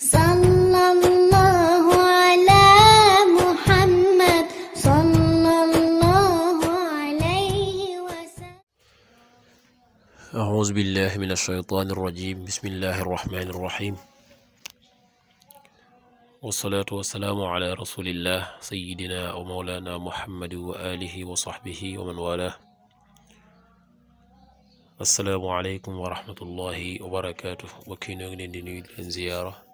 صلى الله على محمد صلى الله عليه وسلم أعوذ بالله من الشيطان الرجيم بسم الله الرحمن الرحيم والصلاة والسلام على رسول الله سيدنا ومولانا محمد وآله وصحبه ومن والاه السلام عليكم ورحمة الله وبركاته وكينو نديني الزيارة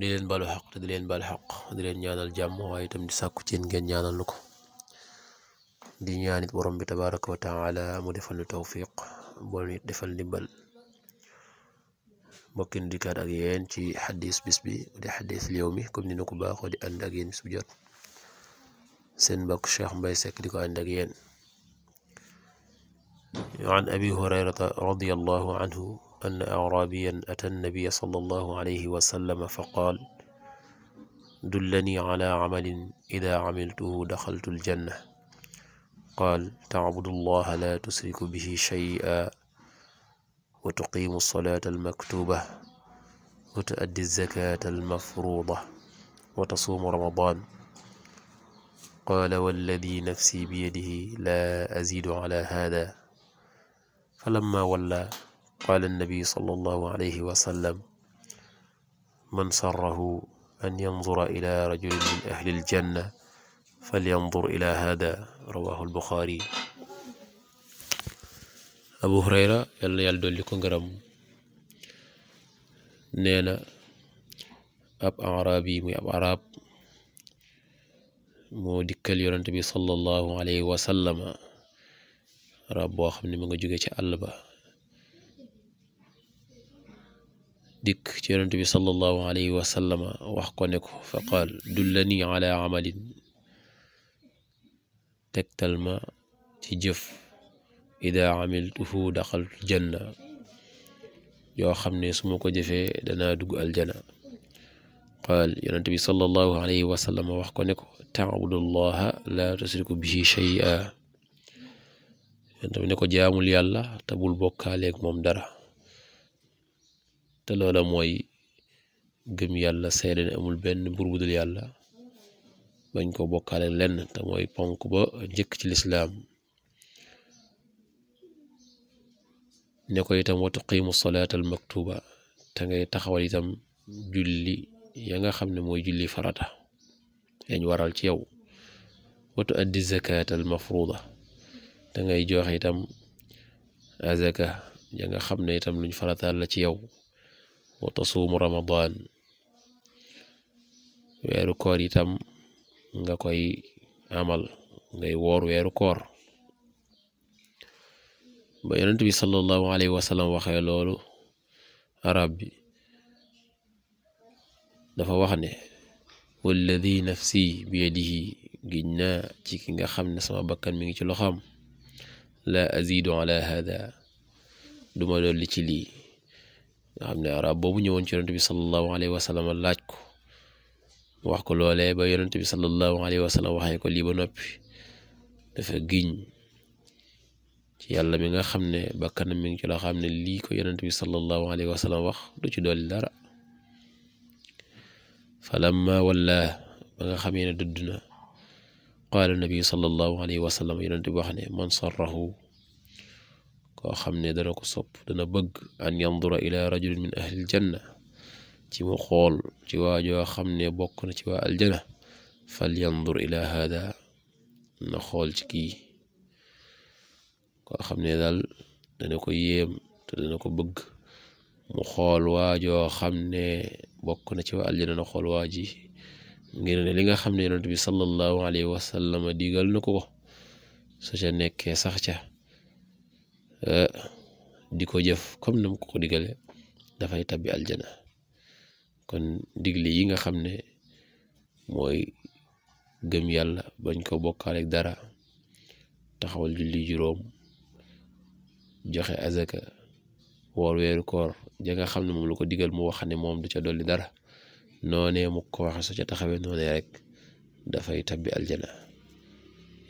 di leen balu xaq te di leen balu xaq di leen ñaanal jàmm waaye itam di sàkku ci ngeen ñaanal nu ko di ñaanit borom bi tabaraka wa taala mu defal nu tawfiq bool nit defal ndimbal di dikkaat ak yéen ci xadis bis bi di xadis léew mi comme ni nu ko baaxoo di ànd ak yéen bis jot seen mbokk Cheikh Mbay Seck di ko ànd ak yéen an abi hurayrata radiallahu anhu أن أعرابيا أتى النبي صلى الله عليه وسلم فقال دلني على عمل إذا عملته دخلت الجنة قال تعبد الله لا تشرك به شيئا وتقيم الصلاة المكتوبة وتؤدي الزكاة المفروضة وتصوم رمضان قال والذي نفسي بيده لا أزيد على هذا فلما ولى قال النبي صلى الله عليه وسلم من سره أن ينظر إلى رجل من أهل الجنة فلينظر إلى هذا رواه البخاري أبو هريرة يلا يلا دولي قرم نينا أب أعرابي مي أب أعراب moo dikkal yonent صلى الله عليه وسلم رب arab من xam ne mu dikk ci yonent bi sallallahu alayhi wa sallama wax ko ne ko fa qaal dullani ala amalin tegtal ma ci jëf ida amiltuhu daxaltu janna yoo xam ne su ma ko jëfee danaa dugg aljana qaal yonent bi sallallahu alayhi wa sallama wax ko ne ko taabudullaha la tusriku bihi shay'a yonent bi ne ko jaamul yàlla te bul bokkaaleeg moom dara te loola mooy gëm yàlla seede amul benn buur bu yàlla bañ ko bokkaale lenn te mooy ponk ba njëkk ci lislaam ne ko itam wa tuqimu salaata al maktuba te ngay taxawal itam julli ya nga xam ne mooy julli farata yañ waral ci yow wa tu addi zakaata al mafruda te ngay joxe itam azaka ya nga xam ne itam luñ farataal la ci yow وتصوم رمضان ويارو كوري تم نغا كوي عمل نغاي وور ويارو كور با بي صلى الله عليه وسلم واخا لولو ربي دا فا والذي نفسي بيده جنا تي كيغا خامن سما بكان ميغي تي لا ازيد على هذا دوما دولي تي لي nga xam ne arab boobu ñëwoon ci yonent bi sallallahu alayhi wa sallam laaj ko wax ko loolee ba yonent bi sallallahu alayhi wa sallam waxee ko lii ba noppi dafa giñ ci yàlla mi nga xam ne bakkanam mi ngi ci loo xam ne lii ko yonent bi sallallahu alayhi wa sallam wax du ci dolli dara falamma walla ba nga xamee ne dudd na a nabi sallallahu alayhi wa sallam yonent bi wax ne man sarrahu koo xam ne dana ko sopp dana bëgg an yandura ila rajulin min ahlil janna ci mu xool ci waa joo xam ne bokk na ci waa aljana fal yandur ila hada na xool ci kii koo xam ne daal dana ko yéem te dana ko bëgg mu xool waa joo xam ne bokk na ci waa aljana na xool waa ji ngir ne li nga xam ne yonent bi sallallahu alayhi wa sallam digal na ko ko su ca nekkee sax ca Eh, di ko jëf comme nam ko ko diggale dafay tabbi aljana kon digle yi nga xam ne mooy gëm yàlla bañ ko bokkaaleeg dara taxawal julli juróom joxe azaka woor weeru koor ja xam ne moom la ko digal mu wax ne moom du ca dolli dara noonee mu ko waxe su ca taxawee noonee rek dafay tabbi aljana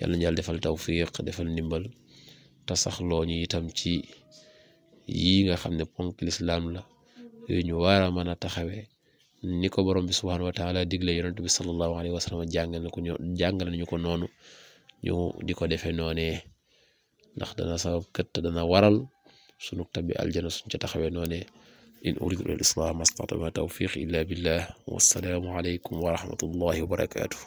yàlla ñu yàlla defal tawfiq defal ndimbal te saxloo ñu itam ci yi nga xam ne ponk lislaam la yooyu ñu war a mën a taxawee ni ko borom bi subhaanahu wa taala digle yonent bi sallallahu alayhi wa sallam jàngal na ko ñu jàngal nañu ko noonu ñu di ko defee noonee ndax dana sabab kët dana waral sunu tabbi aljana suñ ca taxawee noonee in uridu al islam mastata ma tawfiq illa billah wassalaamu alaykum wa rahmatullahi wa barakatuh